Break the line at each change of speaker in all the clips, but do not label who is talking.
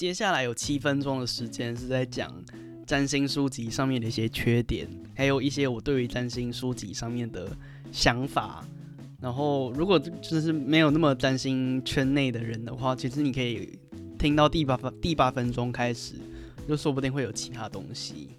接下來有七分鐘的時間是在講佔星書籍上面的一些缺點，還有一些我對於佔星書籍上面的想法。然後如果就是沒有那麼佔星圈內的人的話，其實你可以聽到第八八第八分鐘開始，就說不定會有其他東西。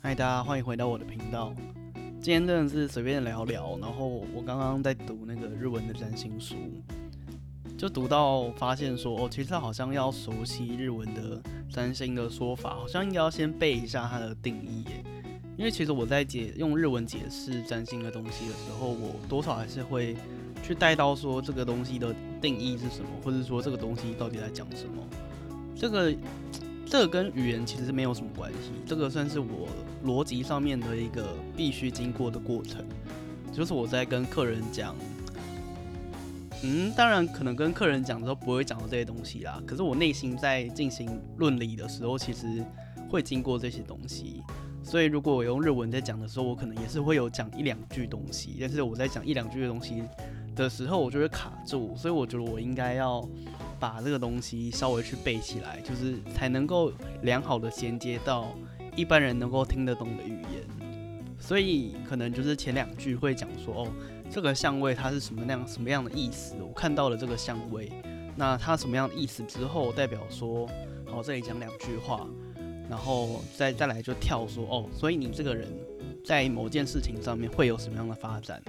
嗨，大家歡迎回到我的頻道。今天真的是隨便聊聊。然後我剛剛在讀那個日文的占星書。就讀到發現說，哦，其實他好像要熟悉日文的占星的說法，好像應該要先背一下它的定義耶。因為其實我在解用日文解釋占星的東西的時候，我多少還是會去帶到說這個東西的定義是什麼，或者說這個東西到底在講什麼。這個這個跟語言其實沒有什麼關係，這個算是我邏輯上面的一個必須經過的過程，就是我在跟客人講。嗯，當然可能跟客人講的時候不會講到這些東西啦，可是我內心在進行論理的時候，其實會經過這些東西。所以如果我用日文在講的時候，我可能也是會有講一兩句東西，但是我在講一兩句的東西的時候，我就會卡住。所以我覺得我應該要把這個東西稍微去背起來，就是才能夠良好的銜接到一般人能夠聽得懂的語言。所以可能就是前兩句會講說哦。這個相位它是什麼那樣什麼樣的意思？我看到了這個相位，那它什麼樣的意思之後，代表說，好，這裡講兩句話，然後再再來就跳說，哦，所以你這個人，在某件事情上面會有什麼樣的發展？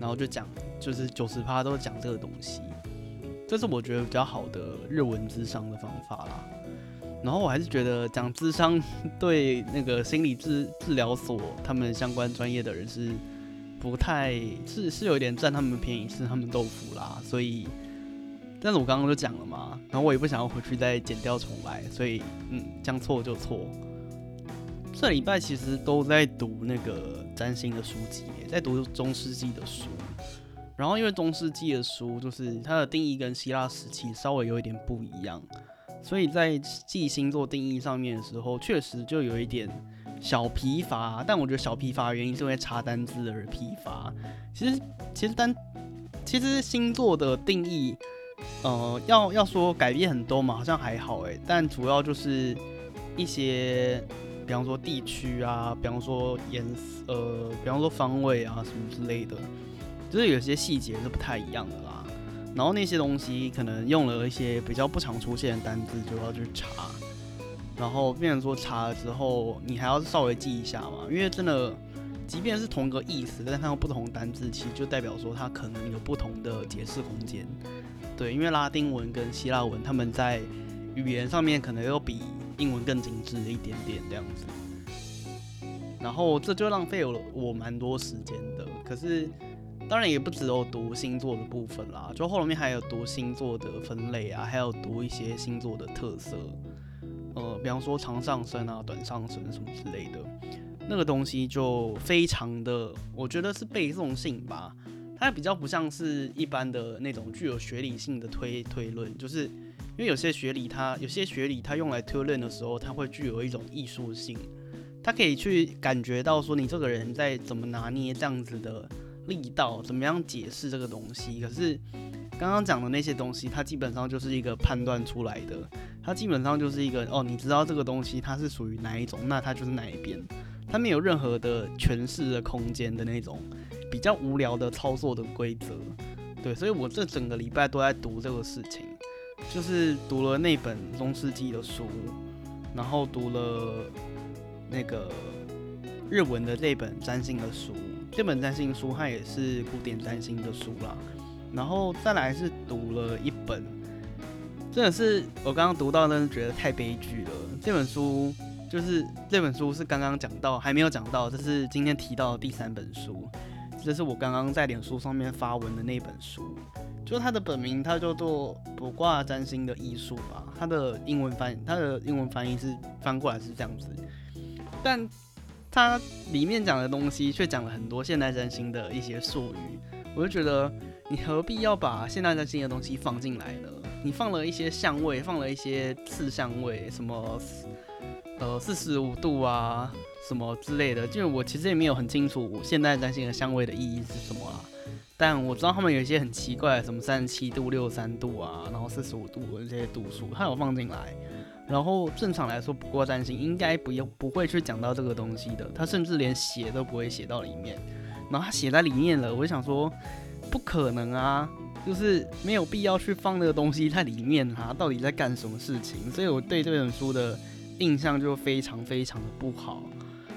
然後就講，就是九十趴都講這個東西，這是我覺得比較好的日文諮商的方法啦。然後我還是覺得講諮商對那個心理治治療所他們相關專業的人是，不太是，是有點佔他們便宜、吃他們豆腐啦，所以，但是我剛剛就講了嘛，然後我也不想要回去再剪掉重來，所以嗯，將錯就錯。這禮拜其實都在讀那個占星的書籍，在讀中世紀的書，然後因為中世紀的書就是它的定義跟希臘時期稍微有一點不一樣，所以在記星座定義上面的時候，確實就有一點小疲乏，但我覺得小疲乏的原因是因為查單字而疲乏。其實，其實單，其實星座的定義，呃，要要說改變很多嘛，好像還好誒、欸。但主要就是一些，比方說地區啊，比方說顏色，呃，比方說方位啊什麼之類的，就是有些細節是不太一樣的啦。然後那些東西可能用了一些比較不常出現的單字，就要去查。然後變成說，查了之後，你還要稍微記一下嘛，因為真的，即便是同一個意思，但它有不同單字，其實就代表說它可能有不同的解釋空間。對，因為拉丁文跟希臘文他們在語言上面可能又比英文更精緻一點點這樣子。然後這就浪費了我，我蠻多時間的。可是當然也不只有讀星座的部分啦，就後面還有讀星座的分類啊，還有讀一些星座的特色。呃，比方說長上升啊、短上升什麼之類的，那個東西就非常的，我覺得是背誦性吧。它比較不像是一般的那種具有學理性的推推論，就是因為有些學理它有些學理它用來推論的時候，它會具有一種藝術性，它可以去感覺到說你這個人在怎麼拿捏這樣子的力道，怎麼樣解釋這個東西，可是，剛剛講的那些東西，它基本上就是一個判斷出來的，它基本上就是一個哦，你知道這個東西它是屬於哪一種，那它就是哪一邊，它沒有任何的詮釋的空間的那種比較無聊的操作的規則，對，所以我這整個禮拜都在讀這個事情，就是讀了那本中世紀的書，然後讀了那個日文的那本占星的書，這本占星書它也是古典占星的書啦。然後再來是讀了一本，真的是我剛剛讀到，呢，覺得太悲劇了。這本書就是這本書是剛剛講到，還沒有講到，這是今天提到的第三本書，這是我剛剛在臉書上面發文的那本書。就它的本名，它叫做《卜卦占星的藝術》吧，它的英文翻譯，它的英文翻譯是翻過來是這樣子，但它裡面講的東西卻講了很多現代占星的一些術語，我就覺得。你何必要把現代占星的東西放進來呢？你放了一些相位，放了一些次相位，什麼呃四十五度啊，什麼之類的。就是我其實也沒有很清楚現代占星的相位的意義是什麼啊，但我知道他們有一些很奇怪，什麼三十七度、六十三度啊，然後四十五度這些度數，他有放進來。然後正常來說不心，不過占星應該不要不會去講到這個東西的，他甚至連寫都不會寫到裡面。然後他寫在裡面了，我就想說。不可能啊！就是沒有必要去放那個東西在裡面啊，到底在幹什麼事情？所以我對這本書的印象就非常非常的不好。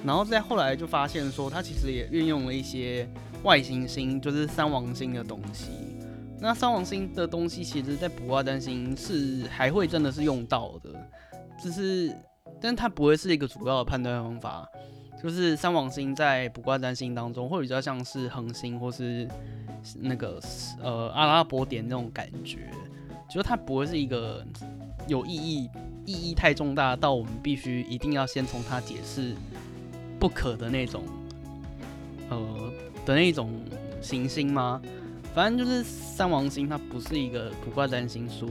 然後再後來就發現說，它其實也運用了一些外行星，星，就是三王星的東西。那三王星的東西，其實在卜卦占星是還會真的是用到的，只是但是它不會是一個主要的判斷方法。就是三王星在卜卦占星當中，會比較像是恆星或是那個呃阿拉伯點那種感覺，就是它不會是一個有意義、意義太重大到我們必須一定要先從它解釋不可的那種呃的那種行星嗎？反正就是三王星它不是一個卜卦占星書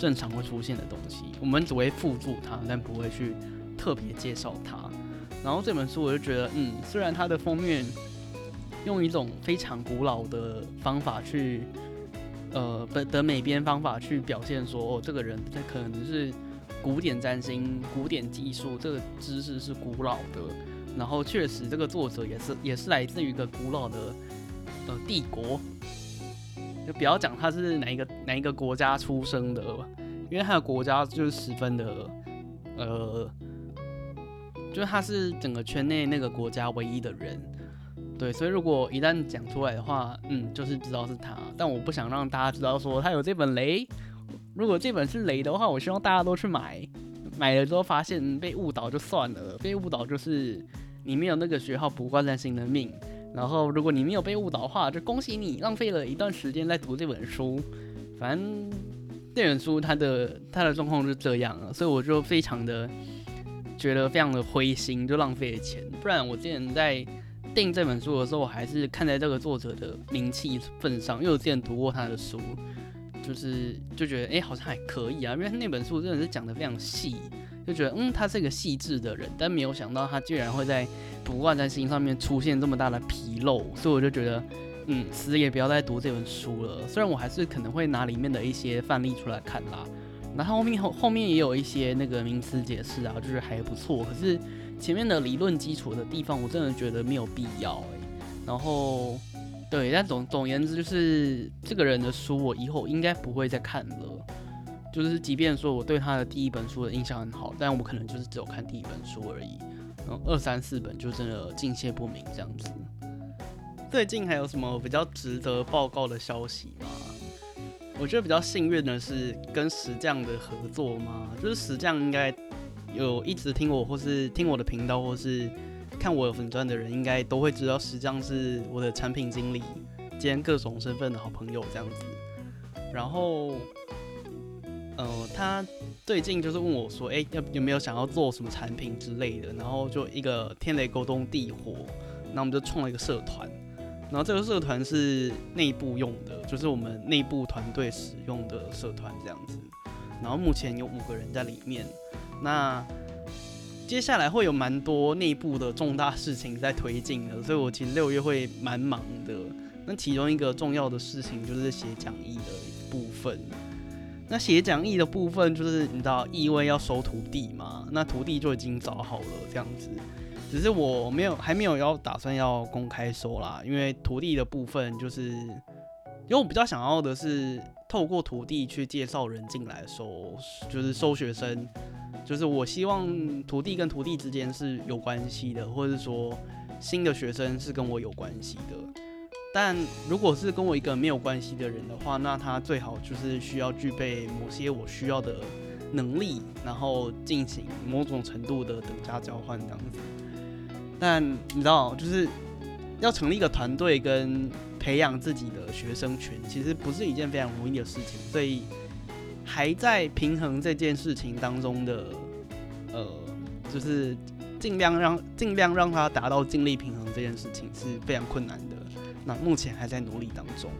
正常會出現的東西，我們只會附註它，但不會去特別介紹它。然後這本書我就覺得，嗯，雖然它的封面用一種非常古老的方法去，呃，的美編方法去表現說，哦，這個人他可能是古典占星、古典技術，這個知識是古老的。然後確實，這個作者也是也是來自於一個古老的呃帝國，就不要講他是哪一個哪一個國家出生的，因為他的國家就是十分的呃。就他是整個圈內那個國家唯一的人，對，所以如果一旦講出來的話，嗯，就是知道是他。但我不想讓大家知道說他有這本雷。如果這本是雷的話，我希望大家都去買，買了之後發現被誤導就算了，被誤導就是你沒有那個學好卜卦占星的命。然後如果你沒有被誤導的話，就恭喜你浪費了一段時間在讀這本書。反正這本書它的它的狀況就是這樣了，所以我就非常的。覺得非常的灰心，就浪費了錢。不然我之前在訂這本書的時候，我還是看在這個作者的名氣份上，因為我之前讀過他的書，就是就覺得哎好像還可以啊，因為那本書真的是講得非常細，就覺得嗯，他是一個細緻的人，但沒有想到他居然會在不卦在心上面出現這麼大的紕漏，所以我就覺得嗯，死也不要再讀這本書了。雖然我還是可能會拿裡面的一些範例出來看啦。然後後面後後面也有一些那個名詞解釋啊，就是還不錯。可是前面的理論基礎的地方，我真的覺得沒有必要欸。然後對，但總總言之，就是這個人的書，我以後我應該不會再看了。就是即便說我對他的第一本書的印象很好，但我可能就是只有看第一本書而已。嗯，二三四本就真的敬謝不敏這樣子。最近還有什麼比較值得報告的消息嗎？我覺得比較幸運的是跟石匠的合作嘛，就是石匠應該有一直聽我或是聽我的頻道或是看我的粉專的人，應該都會知道石匠是我的產品經理兼各種身份的好朋友這樣子。然後，呃，他最近就是問我說，哎、欸，有有沒有想要做什麼產品之類的？然後就一個天雷勾動地火，那我們就創了一個社團。然後這個社團是內部用的，就是我們內部團隊使用的社團這樣子。然後目前有五個人在裡面。那接下來會有蠻多內部的重大事情在推進的，所以我其實六月會蠻忙的。那其中一個重要的事情就是寫講義的部分。那寫講義的部分就是你知道意味要收徒弟嘛？那徒弟就已經找好了這樣子。只是我沒有還沒有要打算要公開收啦，因為徒弟的部分就是，因為我比較想要的是透過徒弟去介紹人進來收，就是收學生，就是我希望徒弟跟徒弟之間是有關係的，或者是說新的學生是跟我有關係的。但如果是跟我一個沒有關係的人的話，那他最好就是需要具備某些我需要的能力，然後進行某種程度的等價交換這樣子。但你知道，就是要成立一個團隊，跟培養自己的學生群，其實不是一件非常容易的事情。所以還在平衡這件事情當中的，呃，就是尽量讓尽量讓他達到盡力平衡這件事情是非常困難的。那目前還在努力當中。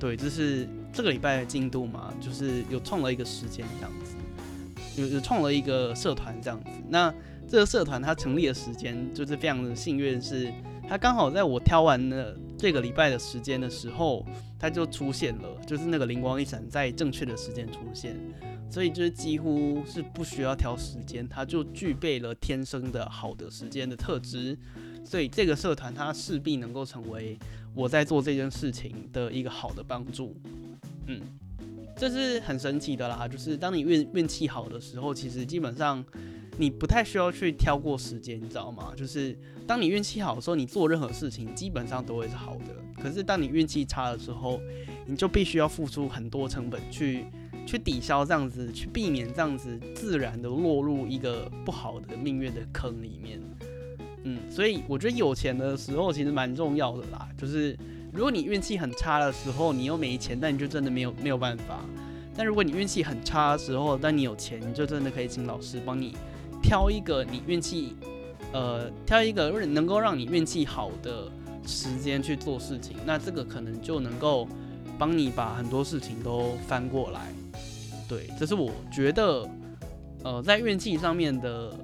對，就是這個禮拜的進度嘛，就是有創了一個時間這樣子，有有創了一個社團這樣子。那這個社團它成立的時間就是非常的幸運是，是它剛好在我挑完了這個禮拜的時間的時候，它就出現了，就是那個靈光一閃，在正確的時間出現，所以就是幾乎是不需要挑時間，它就具備了天生的好的時間的特質，所以這個社團它勢必能夠成為我在做這件事情的一個好的幫助，嗯，這是很神奇的啦，就是當你運運氣好的時候，其實基本上。你不太需要去挑過時間，你知道嗎？就是當你運氣好的時候，你做任何事情基本上都會是好的。可是當你運氣差的時候，你就必須要付出很多成本去去抵消這樣子，去避免這樣子自然的落入一個不好的命運的坑裡面。嗯，所以我覺得有錢的時候其實蠻重要的啦。就是如果你運氣很差的時候，你又沒錢，但你就真的沒有沒有辦法。但如果你運氣很差的時候，但你有錢，你就真的可以請老師幫你。挑一個你運氣，呃，挑一個能夠讓你運氣好的時間去做事情，那這個可能就能夠幫你把很多事情都翻過來。對，這是我覺得，呃，在運氣上面的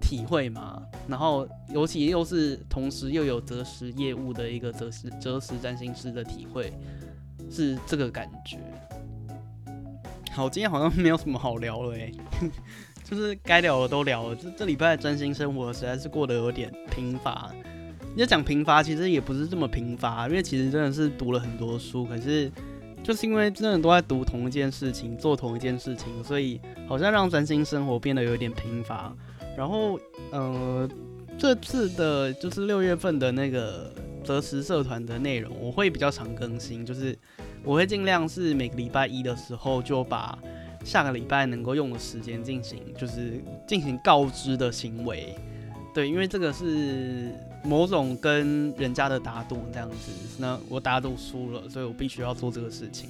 體會嘛。然後，尤其又是同時又有擇時業務的一個擇時擇時占星師的體會，是這個感覺。好，今天好像沒有什麼好聊了誒、欸。 就是該聊的都聊了，這這禮拜專心生活實在是過得有點貧乏。你要講貧乏，其實也不是這麼貧乏，因為其實真的是讀了很多書，可是就是因為真的都在讀同一件事情，做同一件事情，所以好像讓專心生活變得有點貧乏。然後，呃，這次的就是六月份的那個擇時社團的內容，我會比較常更新，就是我會儘量是每個禮拜一的時候就把。下個禮拜能夠用的時間進行，就是進行告知的行為，對，因為這個是某種跟人家的打賭這樣子，那我打賭輸了，所以我必須要做這個事情。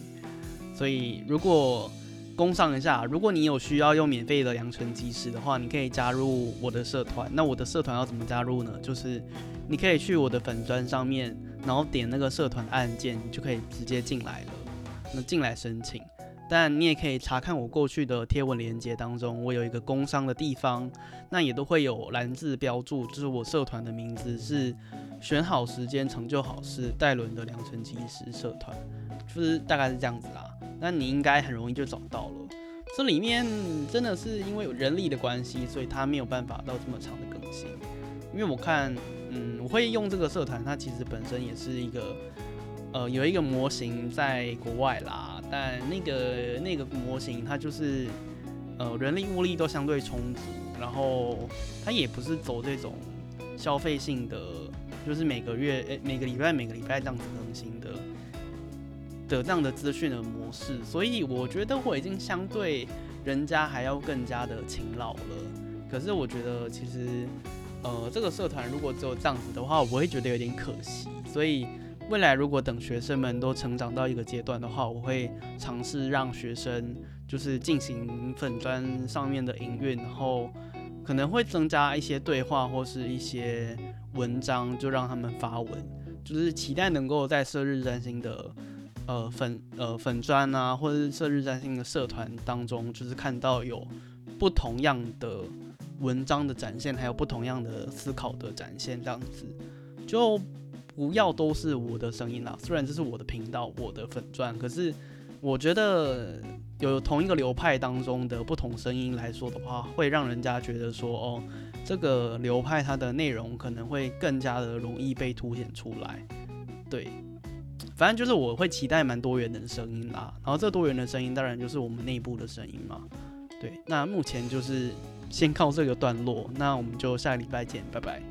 所以如果工商一下，如果你有需要用免費的良辰吉時的話，你可以加入我的社團。那我的社團要怎麼加入呢？就是你可以去我的粉專上面，然後點那個社團的按鍵，你就可以直接進來了。那進來申請。但你也可以查看我過去的貼文連結，當中我有一個工商的地方，那也都會有藍字標注，就是我社團的名字是“選好時間成就好事”戴倫的良辰吉時社團，就是大概是這樣子啦。那你應該很容易就找到了。這裡面真的是因為有人力的關係，所以他沒有辦法到這麼長的更新。因為我看，嗯，我會用這個社團，它其實本身也是一個，呃，有一個模型在國外啦，但那個那個模型，它就是呃人力物力都相對充足，然後它也不是走這種消費性的，就是每個月誒、欸、每個禮拜每個禮拜這樣子更新的的這樣的資訊的模式，所以我覺得我已經相對人家還要更加的勤勞了。可是我覺得其實呃這個社團如果只有這樣子的話，我會覺得有點可惜，所以。未來如果等學生們都成長到一個階段的話，我會嘗試讓學生就是進行粉專上面的營運，然後可能會增加一些對話或是一些文章，就讓他們發文。就是期待能夠在設日占星的呃粉呃粉專啊，或者是設日占星的社團當中，就是看到有不同樣的文章的展現，還有不同樣的思考的展現，這樣子就。不要都是我的聲音啦，雖然這是我的頻道，我的粉專，可是我覺得有同一個流派當中的不同聲音來說的話，會讓人家覺得說，哦，這個流派它的內容可能會更加的容易被凸顯出來。對，反正就是我會期待蠻多元的聲音啦。然後這多元的聲音當然就是我們內部的聲音嘛。對，那目前就是先靠這個段落，那我們就下個禮拜見，拜拜。